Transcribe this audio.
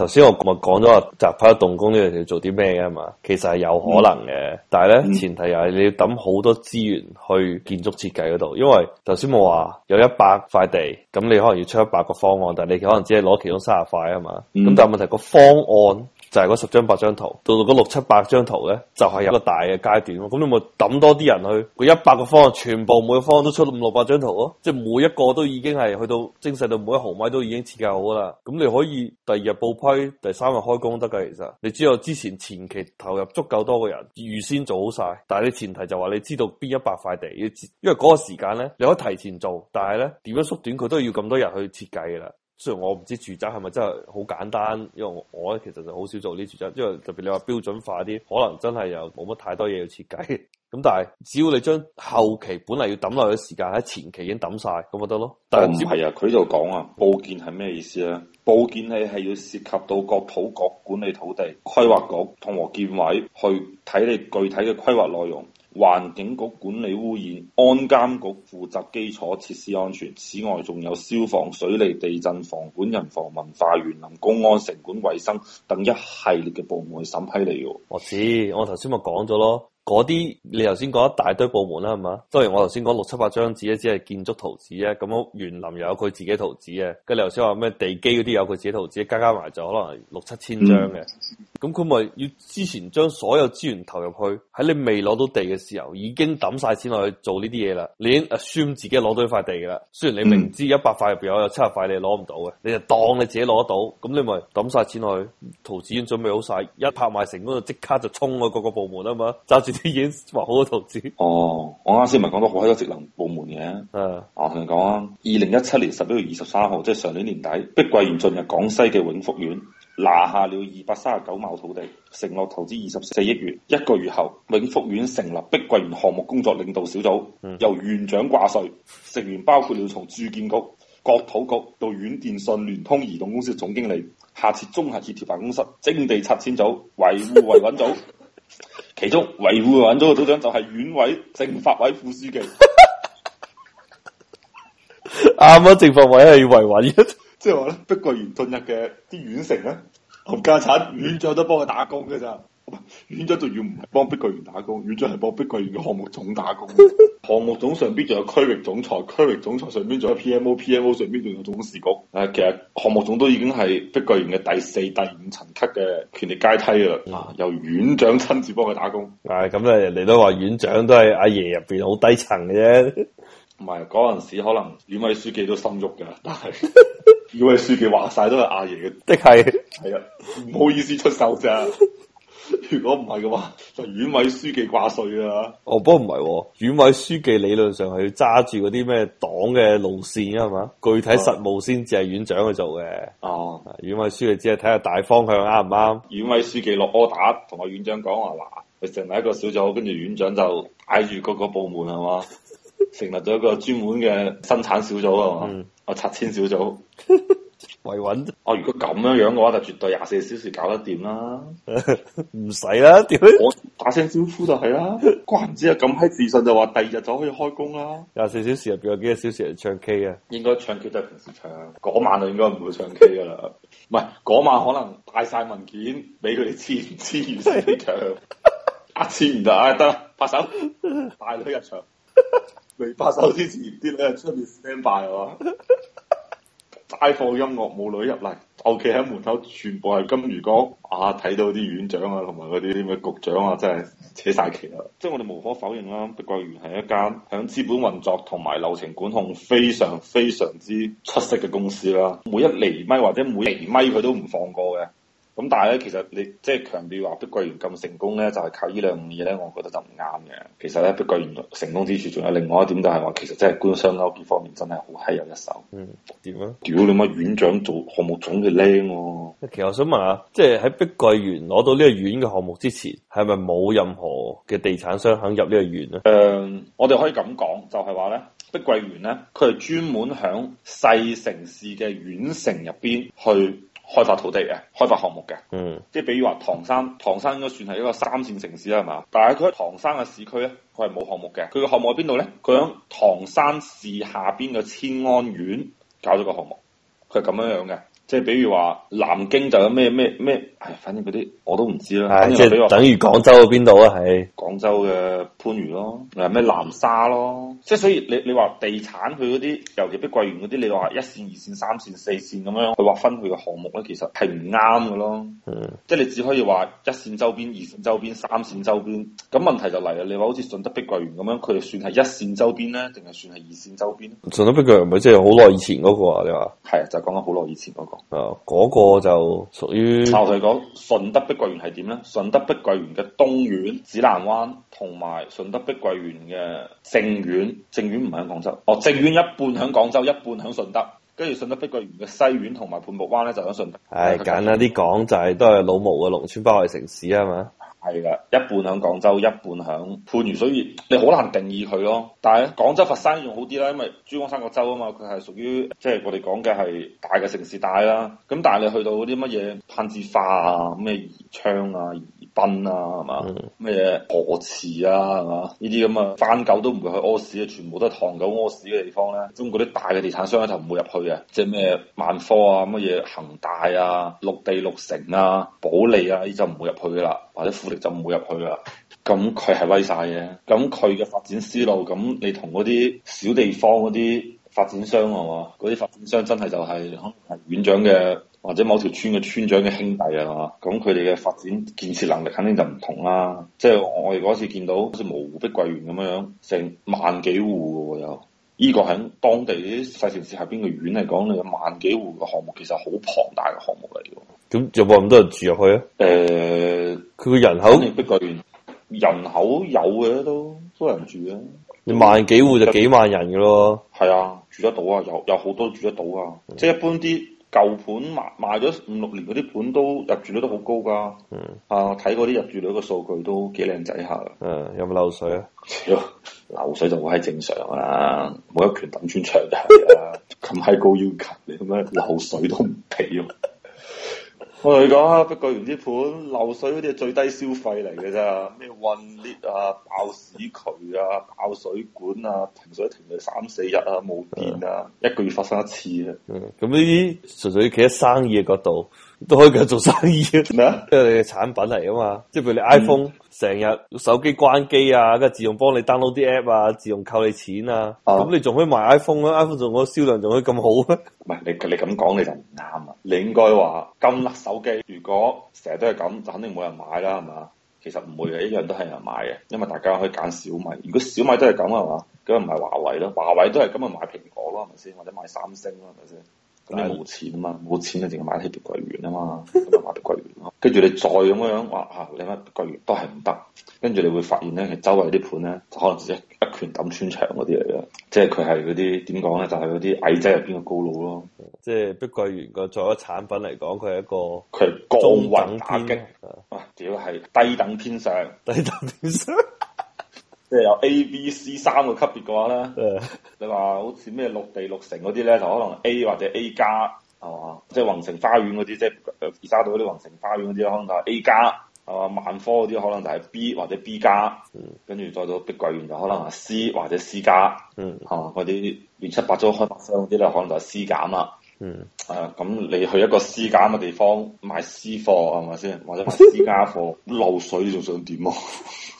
頭先我咪講咗話，集塊動工呢樣嘢做啲咩啊嘛，其實係有可能嘅，嗯、但係咧、嗯、前提又係你要抌好多資源去建築設計嗰度，因為頭先我話有一百塊地，咁你可能要出一百個方案，但係你可能只係攞其中三十塊啊嘛，咁、嗯、但係問題個方案。就係嗰十張八張圖，到到嗰六七百張圖咧，就係有一個大嘅階段。咁你咪抌多啲人去，嗰一百個方案全部每個方案都出五六百張圖咯、啊。即係每一個都已經係去到精細到每一毫米都已經設計好啦。咁你可以第二日報批，第三日開工得噶。其實你只有之前前期投入足夠多個人，預先做好晒。但係你前提就話你知道邊一百塊地，因為嗰個時間咧，你可以提前做，但係咧，點樣縮短佢都要咁多日去設計噶啦。雖然我唔知住宅係咪真係好簡單，因為我我咧，其實就好少做呢啲住宅，因為特別你話標準化啲，可能真係又冇乜太多嘢要設計。咁但係只要你將後期本嚟要揼落去嘅時間喺前期已經揼晒，咁咪得咯。但係只係啊，佢就講啊，報建係咩意思咧、啊？報建係係要涉及到國土局管理土地規劃局同和，和建委去睇你具體嘅規劃內容。環境局管理污染，安監局負責基礎設施安全，此外仲有消防、水利、地震、房管、人防、文化、園林、公安、城管、衛生等一系列嘅部門去審批你嘅、哦。我知，我頭先咪講咗咯。嗰啲你頭先講一大堆部門啦，係嘛？雖然我頭先講六七百張紙咧，只係建築圖紙咧，咁樣園林又有佢自己圖紙嘅，跟住你頭先話咩地基嗰啲有佢自己圖紙，加加埋就可能六七千張嘅，咁佢咪要之前將所有資源投入去，喺你未攞到地嘅時候已經抌晒錢落去做呢啲嘢啦，你已經 assume 自己攞到塊地噶啦，雖然你明知一百塊入邊有有七十塊你攞唔到嘅，你就當你自己攞到，咁你咪抌晒錢落去，圖紙已經準備好晒，一拍賣成功就即刻就衝去各個部門啊嘛， 已經劃好多投資哦。我啱先咪係講到好多個職能部門嘅，uh, 我同你講啊。二零一七年十一月二十三號，即係上年年底，碧桂園進入廣西嘅永福縣，拿下了二百三十九畝土地，承諾投資二十四億元。一個月後，永福縣成立碧桂園項目工作領導小組，uh. 由縣長掛帥，成員包括了從住建局、國土局到縣電信、聯通、移動公司嘅總經理，下設綜合協調辦公室、徵地拆遷組、維護維穩組。 其中維護揾咗個組長就係縣委政法委副書記，啱啊！政法委係維穩，即係話咧，碧桂園進入嘅啲縣城咧，冚家鏟縣長都幫佢打工㗎咋。 院長仲要唔係幫碧桂園打工，院長係幫碧桂園嘅項目總打工。項 目總上邊仲有區域總裁，區域總裁上邊仲有 P M O，P M O 上邊仲有董事局。誒，其實項目總都已經係碧桂園嘅第四、第五層級嘅權力階梯啦。啊，由院長親自幫佢打工。係咁啊，人哋都話院長都係阿爺入邊好低層嘅啫。唔係嗰陣時，可能縣委書記都心喐噶，但係縣委書記話晒都係阿爺嘅。即係，係啊，唔好意思出手咋。如果唔係嘅話，就縣、是、委書記掛帥啊！哦，不過唔係、哦，縣委書記理論上係要揸住嗰啲咩黨嘅路綫啊，係嘛？具體實務先至係院長去做嘅。哦、啊，縣委書記只係睇下大方向啱唔啱？縣委書記落柯打，同個院長講話嗱，成立一個小組，跟住院長就擺住各個部門係嘛， 成立咗一個專門嘅生產小組係嘛，哦，拆遷、嗯、小組。 維穩哦！如果咁樣樣嘅話，就絕對廿四小時搞得掂啦、啊，唔使啦，點解我打聲招呼就係啦、啊？怪唔之得咁閪自信，就話第二日就可以開工啦、啊。廿四小時入邊有幾多小時係唱 K 啊？應該唱 K 都係平時唱，嗰晚就應該唔會唱 K 噶啦。唔係嗰晚可能帶晒文件俾佢哋，簽簽唔使唱，一簽唔得，哎得拍手，大女入場，未 拍手之前，啲女出面 stand by 係 齋放音樂舞女入嚟，尤其喺門口，全部係金魚缸。啊，睇到啲院長啊，同埋嗰啲咩局長啊，真係扯晒旗啦！即係我哋無可否認啦，碧桂園係一間響資本運作同埋流程管控非常非常之出色嘅公司啦。每一厘米或者每厘米佢都唔放過嘅。咁但係咧，其實你即係強調話碧桂園咁成功咧，就係靠呢兩樣嘢咧，我覺得就唔啱嘅。其實咧，碧桂園成功之處，仲有另外一點就係話，其實即係官商勾結方面，真係好犀有一手。嗯，點啊？屌你媽！院長做項目總嘅靚哦。其實我想問下，即係喺碧桂園攞到呢個縣嘅項目之前，係咪冇任何嘅地產商肯入呢個縣咧？誒、呃，我哋可以咁講，就係話咧，碧桂園咧，佢係專門響細城市嘅縣城入邊去。開發土地嘅，開發項目嘅，嗯，即係比如話唐山，唐山應該算係一個三線城市啦，係嘛？但係佢喺唐山嘅市區咧，佢係冇項目嘅，佢嘅項目喺邊度咧？佢響唐山市下邊嘅遷安縣搞咗個項目，佢係咁樣樣嘅。即係比如話，南京就有咩咩咩，唉、哎，反正嗰啲我都唔知啦。係你話等於廣州邊度啊？係廣州嘅番禺咯，嗱咩南沙咯。即係所以你你話地產佢嗰啲，尤其碧桂園嗰啲，你話一線、二線、三線、四線咁樣去劃分佢嘅項目咧，其實係唔啱嘅咯。嗯、即係你只可以話一線周邊、二線周邊、三線周邊。咁問題就嚟啦，你話好似順德碧桂園咁樣，佢係算係一線周邊咧，定係算係二線周邊咧？順德碧桂園咪即係好耐以前嗰個啊？你話係就講緊好耐以前嗰個。誒、嗰、哦，那個就屬於。我同你講，順德碧桂園係點咧？順德碧桂園嘅東苑、紫蘭灣，同埋順德碧桂園嘅正苑，正苑唔係喺廣州，哦，正苑一半喺廣州，一半喺順德，跟住順德碧桂園嘅西苑同埋半木灣咧，就喺順德。唉、哎，就是、簡單啲講就係，都係老毛嘅農村包圍城市啊嘛。係噶，一半喺廣州，一半喺番禺，所以你好難定義佢咯。但係廣州、佛山仲好啲啦，因為珠江三角洲啊嘛，佢係屬於即係我哋講嘅係大嘅城市帶啦。咁但係你去到啲乜嘢攀枝花啊、咩宜昌啊。賓啊，係嘛？咩嘢河池啊，係嘛？呢啲咁啊，番狗都唔會去屙屎，全部都係唐狗屙屎嘅地方咧。中國啲大嘅地產商喺頭唔會入去啊。即係咩萬科啊、乜嘢恒大啊、綠地、綠城啊、保利啊，呢就唔會入去噶啦，或者富力就唔會入去啦。咁佢係威晒嘅，咁佢嘅發展思路，咁你同嗰啲小地方嗰啲發展商係嘛？嗰啲發展商真係就係、是、可能係院長嘅。或者某條村嘅村長嘅兄弟啊嘛，咁佢哋嘅發展建設能力肯定就唔同啦。即、就、係、是、我哋嗰次見到好似蕪湖碧桂園咁樣樣，成萬幾戶嘅喎，有、這、呢個喺當地啲細城市下邊嘅縣嚟講，你萬幾戶嘅項目其實好龐大嘅項目嚟嘅。咁、嗯、有冇咁多人住入去啊？誒、呃，佢個人口，碧桂園人口有嘅都多人住啊。你萬幾戶就幾萬人嘅咯。係啊，住得到啊，有有好多住得到啊。嗯、即係一般啲。舊盤賣賣咗五六年嗰啲盤都入住率都好高噶，嗯、啊，睇嗰啲入住率個數據都幾靚仔下噶。有冇、嗯、漏水啊？ 漏水就好閪正常啦，冇一拳抌穿牆就係啦，啊，咁閪 高要求，你點解漏水都唔俾用？ 我同你講啊，碧桂園啲盤漏水嗰啲係最低消費嚟嘅咋，咩混裂啊、爆屎渠啊、爆水管啊、停水停咗三四日啊、冇電啊，一個月發生一次啊。咁呢啲純粹企喺生意嘅角度。都可以繼續做生意啊，咩即係你嘅產品嚟噶嘛？即係譬如你 iPhone 成日、嗯、手機關機啊，跟住自動幫你 download 啲 app 啊，自動扣你錢啊，咁、啊、你仲可以賣 iPhone 啊。iPhone 仲我銷量仲可以咁好咩、啊？唔係你你咁講你就唔啱啊。你應該話咁甩手機，如果成日都係咁，就肯定冇人買啦，係嘛？其實唔會嘅，一樣都係人買嘅，因為大家可以揀小米。如果小米都係咁係嘛，咁唔係華為咯？華為都係今日買蘋果咯，係咪先？或者買三星咯，係咪先？你冇錢嘛，冇錢你淨係買啲碧桂園啊嘛，就買 碧桂園咯，跟住你再咁樣話吓，你乜碧桂園都係唔得，跟住你會發現咧，佢周圍啲盤咧，就可能一一拳抌穿牆嗰啲嚟嘅，即係佢係嗰啲點講咧，就係嗰啲矮仔入邊嘅高佬咯。即係碧桂園個作為一個產品嚟講，佢係一個佢係降穩打擊，啊，主要係低等偏上，低等偏上。即係有 A、B、C 三個級別嘅話咧，你話好似咩綠地、綠城嗰啲咧，就可能 A 或者 A 加，係嘛？即係宏城花園嗰啲，即係二沙島嗰啲宏城花園嗰啲可能就 A 加，係嘛？啊，萬科嗰啲可能就係 B 或者 B 加，跟住，mm. 再到碧桂園就可能係 C 或者 C 加，嗯，mm. 啊，嗰啲亂七八糟開發商嗰啲咧，可能就係 C 減啦，嗯，誒，咁你去一個 C 減嘅地方買 C 貨係咪先？或者買 C 加貨，漏水仲想點啊？